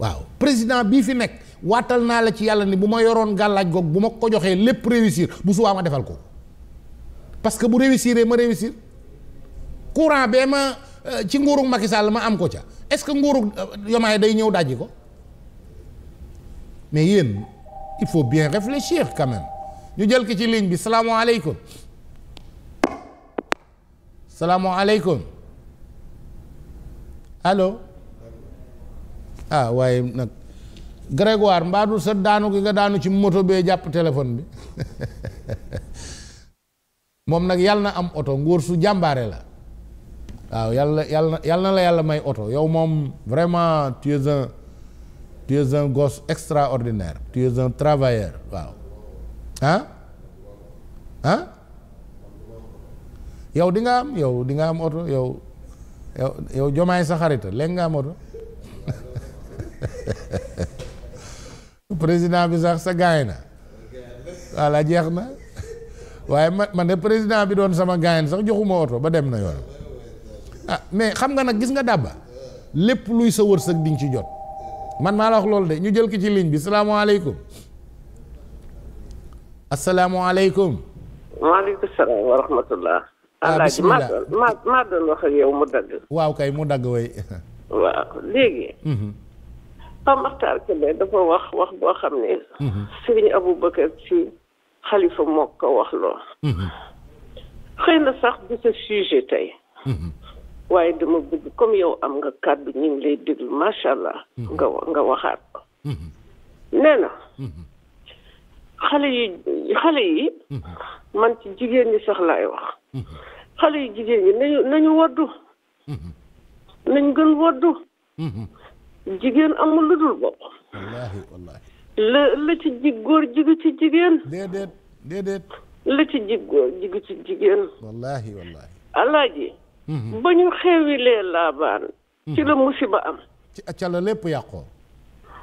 waaw président bii fi nekk waatal naa la ci yàlla ni bu ma yoroon gàllaaj goog bu ma ko joxee lépp réussir bu subaa ma defal ko parce que bu réussir ma réussir courant bee ma euh, ci nguurug Macky Sall ma am ko ca est-ce que nguurug euh, Diomaye day ñëw dajji ko mais yéen il faut bien réfléchir quand même ñu jël ki ci ligne bi salaamaaleykum salaamaaleykum allo ah waaye nag Grégoire mbaadu sa daanu ki nga daanu ci moto bee jàpp téléphone bi (laughs) moom nag yàlla na am oto ngóor su jàmbaare la waaw yàlla yàlla na la yàlla may oto yow moom vraiment tu es un tu es un gosse extraordinaire tu es un waaw ah ah yow di nga am yow di nga am oto yow yow jomaay sa xarita léegi nga am oto (laughs) président bi sax sa gaay na walla jeex na waaye man man de président bi doon sama gaay na sax joxuma oto ba dem na yoon ah mais xam nga nag gis nga dàbba lépp luy sa wërsëg di nga ci jot man maa la wax loolu de ñu jël ki ci ligne bi salaamaaleykum asalaamaaleykum. waaleykum salaam wa rahmatullah. Ah, alaaji maa maa maa doon wax ak yow mu dagg waaw kay mu dagg waaw léegi mm-hmm. Pa Maxtaar Kébé dafa wax wax boo xam ne mm-hmm. sëriñ Aboubacar si xalifa moo ko wax loo mm-hmm. xëy na sax du sa sujet tey waaye dama bëgg comme yow am nga kàddu ñu ngi lay déglu macha allah nga nga waxaat ko nee na xale yi xale yi man ci jigéen yi sax laay wax xale yu jigéen ñi nañu nañu waddu nañ gën waddu jigéen amul lu dul bopp wallaahi wallaahi la la ci jig góor jigu ci jigéen déedéet déedéet la ci jig góor jigu ci jigéen wallaahi wallaahi alaaji mhm. ba ñu xewilee laabaan ci la mhm. musiba am ci ca la lépp yàqoo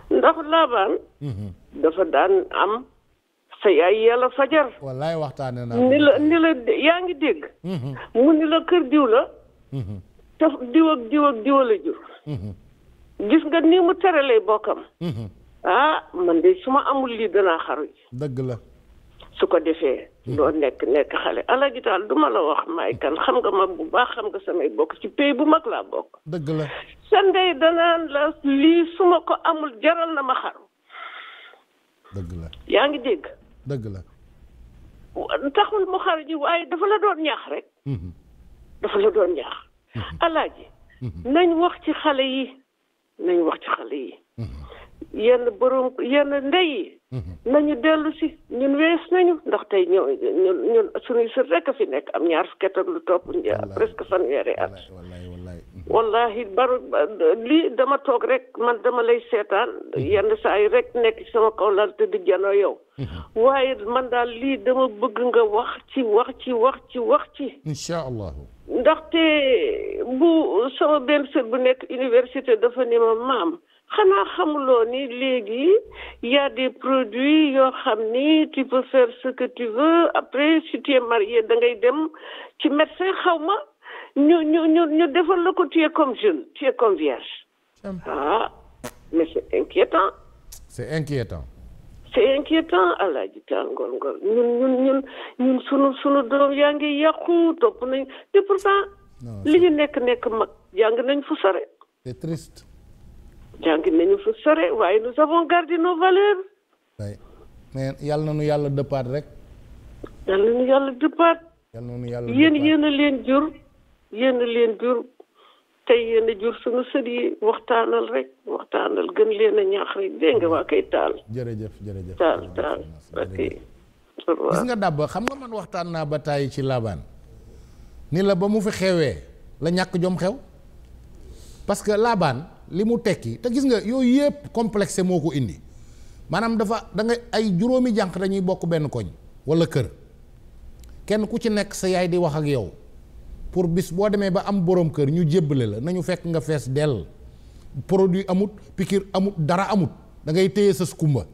ndax laabaan mhm. dafa daan am sa yaay yàlla fajar. wallaay waxtaane naa ni la ni la yaa ngi dégg. Mm-hmm. mu ni la kër diw la. Mm-hmm. te diw ak diw ak diw la jur. Mm-hmm. gis nga ni mu teralee bokkam. ah man de su ma amul lii danaa xaru ji. dëgg la. su ko defee. doo nekk nekk xale ala ji taal du ma la wax maay kan xam nga ma bu baax xam nga samay bokk ci pays bu mag laa bokk. dëgg la. sa ndey danaan la lii su ma ko amul jaral na ma xaru. dëgg la yaa ngi dégg. dëgg la. taxul mu xar ji waaye dafa la doon ñax rek. Mhm. dafa la doon ñaax. Mhm. alaaji. Mhm. nañ wax ci xale yi nañ wax ci xale yi. yenn borom yenn ndey yi. nañu dellu si ñun wees nañu ndax tey ñoo ñun ñun suñuy rek a fi nekk am ñaar fukki at ak lu topp presque fanweeri at. wallahi baru lii dama toog rek man dama lay seetaan yenn saa yi rek nekk sama kaw lal te di janoo yow (laughs) waaye man daal lii dama bëgg nga wax ci wax ci wax ci wax ci ndaxte bu sama benn sër bu nekk université dafa ni ma maam xanaa xamuloo ni léegi y a des produits yoo xam ni tu peux faire ce que tu veux après si tu es marié da ngay dem ci médecin xaw ma ñu ñu ñu ñu defal la ko tu es comme jeune tu es comme vierge. ah mais c' est inquiétant. c' est inquiétant. c' est taal ngol ngol ñun ñun ñun ñun sunu sunu doom yaa ngi yàqu topp nañ te pourtant. li ñu nekk nekk mag jàng nañ fu sore. c' est triste. jàng nañu fu sore waaye nous avons gardé nos valeurs. oui yàlla na nu yàlla dëppaat rek. yàlla na nu yàlla dëppaat. yàlla na nu yàlla dëppaat yéen leen jur. yéen leen jur tey yéen a jur suñu sët yi waxtaanal rek waxtaanal gën leen a rek dégg nga waa kay taal. jërëjëf jërëjëf taal taal gis nga dàbb xam nga man waxtaan naa ba tàyyi ci laabaan ni la ba mu fi xewee la ñàkk jom xew parce que laabaan li mu tekki te gis nga yooyu yëpp complexe moo ko indi maanaam dafa da ay juróomi jànq dañuy bokk benn koñ wala kër kenn ku ci nekk sa yaay di wax ak yow. pour bis boo demee ba am borom kër ñu jébbale la nañu fekk nga fees dell produit amut piqûre amut dara amut da ngay téye sa skumba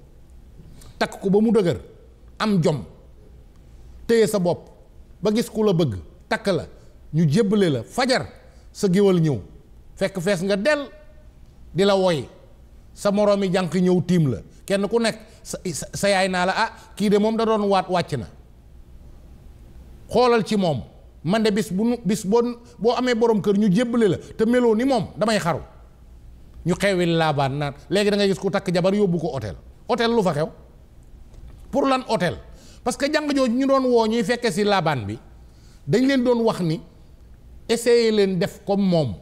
takk ko ba mu dëgër am jom téye sa bopp ba gis ku la bëgg takk la ñu jébbale la fajar sa géwal ñëw fekk fees nga dell di la woy sa moroomi janq ñëw tiim la kenn ku nekk sa sa yaay naa la ah kii de moom da doon waat wàcc na xoolal ci moom man de bis bu nu bis boo boo amee borom kër ñu jébbale la te meloo ni moom damay xaru ñu xewil laabaan naan léegi da ngay gis ku takk jabar yóbbu ko hôtel hôtel lu fa xew pour lan otel parce que jàng ñu doon woo ñuy fekke si laabaan bi dañ leen doon wax ni essayer leen def comme moom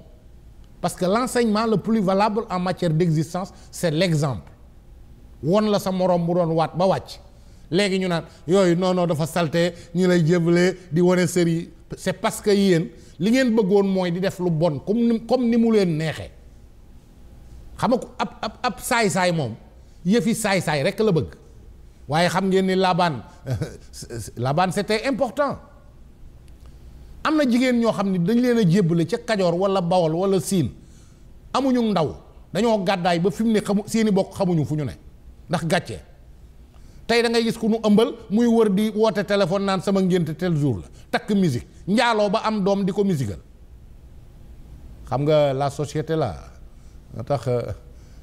parce que l'enseignement le plus valable en matière d'existence c'est l'exemple won la sa moroom bu doon waat ba wàcc léegi ñu naan yooyu non dafa salte ñu lay jébbalee di wane sër c'est parce que yéen li ngeen bëggoon mooy di def lu bon comme ni comme ni mu leen neexee xam nga ab ab ab saay-saay moom yëfi saay-saay rek la bëgg waaye xam ngeen ni Laban (laughs) Laban c'était important am na jigéen ñoo xam ne dañ leen a jébbale ca Kajoor wala Bawol wala Siin amuñu ndaw dañoo gàddaay ba fi mu ne xamu seeni bokk xamuñu fu ñu ne ndax gàccee tey da ngay gis ku nu ëmbal muy wër di woote téléphone naan sama ngénte tel jour la takk musique njaaloo ba am doom di ko musical xam nga la société la nga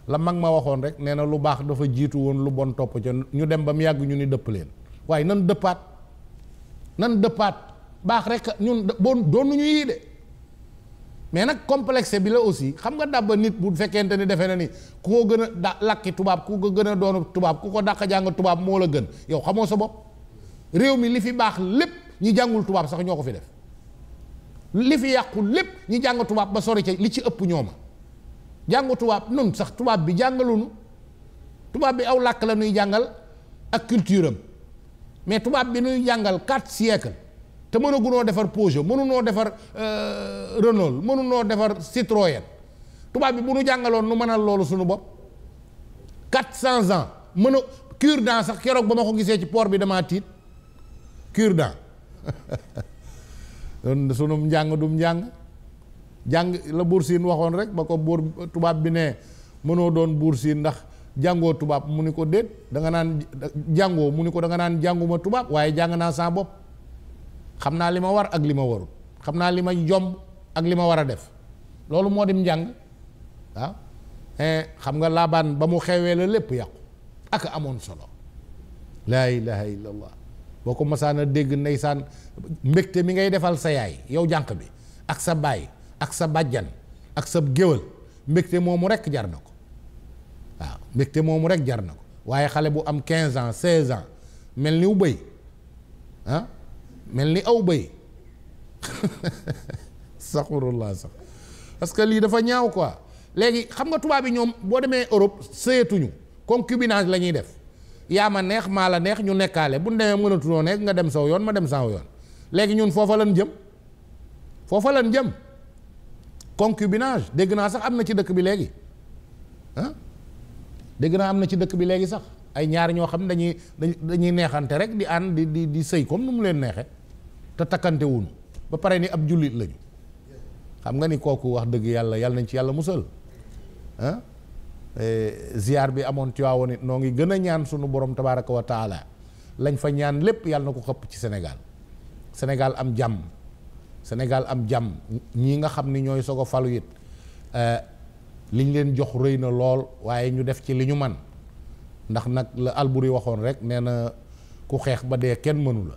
la mag ma waxoon rek nee na lu baax dafa jiitu woon lu bon topp ca ñu dem ba mu yàgg ñu ni dëpp leen waaye nan dëppaat nan dëppaat baax rek ñun boo doonu ñu yii de mais nag complexe bi la aussi xam nga dàbba nit bu fekkente ni defe na ni ku ko gën a da lakki tubaab ku ko gën a doonu tubaab ku ko dàq jàng tubaab moo la gën yow xamoo sa bopp réew mi li fi baax lépp ñi jàngul tubaab sax ñoo ko fi def li fi yàqu lépp ñi jàng tubaab ba sori ca li ci ëpp ñooma jàngu tubaab nun sax tubaab bi jàngalunu tubaab bi aw làkk la nuy jàngal ak culture mais tubaab bi nuy jàngal quatre siècles te mën mënagunoo defar Peugeot mënunoo defar euh, Renault mënunoo defar Citroën tubaab bi bu nu jàngaloon nu mënal loolu suñu bopp quatre cent ans mën a cure sax keroog ba ma ko gisee ci port bi damaa tiit cure-dent (laughs) doon sunum njàng dum njàng jàng la buur siin waxoon rek ba ko buur tubaab bi ne mënoo doon buur siin ndax jàngoo tubaab mu ni ko déet danga naan jàngoo mu ni ko danga naan jànguma tubaab waaye jàng naa saa bopp xam naa li ma war ak li ma warul xam naa li ma jomb ak li ma war a def loolu moo dim njàng waaw eh, xam nga laabaan ba mu xewee la lépp yàqu ak amoon solo laa ilaha illallah boo ko masaana dégg ndeysaan mbégte mi ngay defal sa yaay yow jànq bi ak sa baay ak sa bàjjan ak sa géwal mbégte moomu rekk jar na ko waaw mbégte moomu rek jar na ko waaye xale bu am quinze ans seize ans mel ni wu bëy ah mel ni aw bëy (laughs) saxurullah sax parce que lii dafa ñaaw quoi léegi xam nga tubaab yi ñoom boo demee Europe sëyetuñu concubinage la ñuy def yaa ma neex maa la neex ñu nekkaale bu ñu demee mënatuloo nekk nga dem saw yoon ma dem saw yoon léegi ñun foofa lan jëm foofa lan jëm concubinage dégg naa sax am na ci dëkk bi léegi dégg naa am na ci dëkk bi léegi sax ay ñaari ñoo xam dañuy dañuy neexante rek di ànd di di sëy comme nu mu leen neexe te takkante ba pare ni ab jullit lañu xam nga ni kooku wax dëgg yàlla yàlla nañ ci yàlla musal Eh, ziar bi amoon Tiwaawoon it noo ngi gën a ñaan sunu borom tabaaraka wa taala lañ fa ñaan lépp yàlla na ko xëpp ci Sénégal Sénégal am jàmm Sénégal am jàmm ñi nga xam ni ñooy soog a falu it eh, liñ leen jox rëy na lool waaye ñu def ci li ñu man ndax nag la Alburi waxoon rek nee na ku xeex ba dee kenn mënu la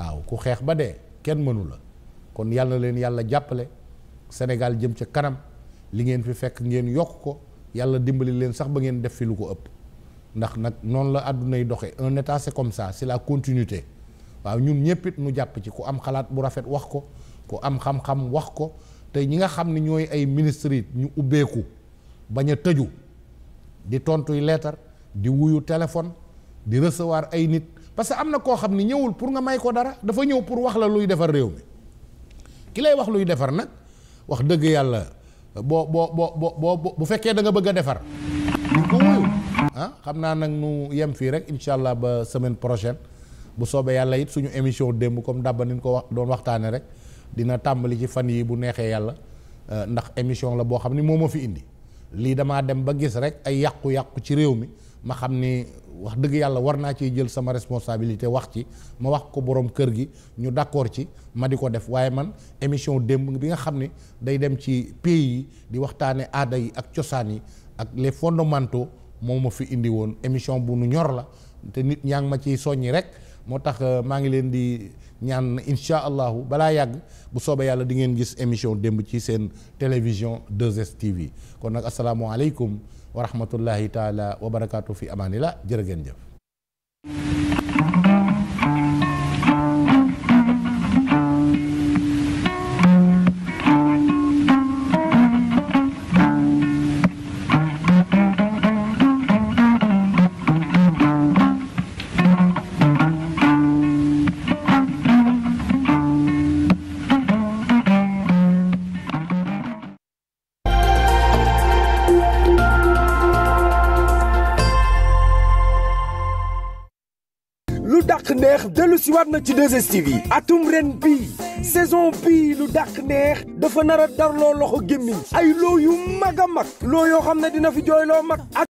waaw ku xeex ba dee kenn mënu la kon yàlla leen yàlla jàppale Sénégal jëm ci kanam li ngeen fi fekk ngeen yokk ko yàlla dimbali leen sax ba ngeen def fi lu ko ëpp ndax nag noonu la àdduna yi doxee un état c'est comme ça c'est la continuité waaw ñun ñëpp it nu jàpp ci ku am xalaat bu rafet wax ko ku am xam-xam wax ko te ñi nga xam ni ñooy ay ministres it ñu ubbeeku bañ a tëju di tontuy leetar di wuyu téléphone di recevoir ay nit parce que am na koo xam ne ñëwul pour nga may ko dara dafa ñëw pour wax la luy defar réew mi ki lay wax luy defar nag wax dëgg yàlla. boo boo boo boo bu fekkee da nga bëgg a defar ñu ko wuyu ah, xam naa nag nu yem fii rek incha allah ba semaine prochaine bu soobee yàlla it suñu émission démb comme dàbba ni ko wax doon waxtaane rek dina tàmbali ci fan yi bu neexee yàlla euh, ndax émission la boo xam ni moo ma fi indi lii damaa dem ba gis rek ay yàqu-yàqu ci réew mi ma xam ni wax dëgg yàlla war naa ciy jël sama responsabilité wax ci ma wax ko borom kër gi ñu d'accord ci ma di ko def waaye man émission démb bi nga xam ni day dem ci pays di waxtaane aada yi ak cosaan yi ak les fondamentaux moom ma fi indi woon émission bu nu ñor la te nit ñaa ngi ma ciy soññi rek moo tax euh, maa ngi leen di ñaan incha allahu balaa yàgg bu soobee yàlla di ngeen gis émission démb ci seen télévision 2S TV kon nag asalaamualeykum wa rahmatullahi taala wa barakaatu fi amaanillah jërë ngeen jëf dellu si waat na ci 2STV yi atum ren bii saison bii lu dàq neex dafa nar a darloo loxo gémmiñ ay looyu yu mag a mag yoo xam ne dina fi jooyloo mag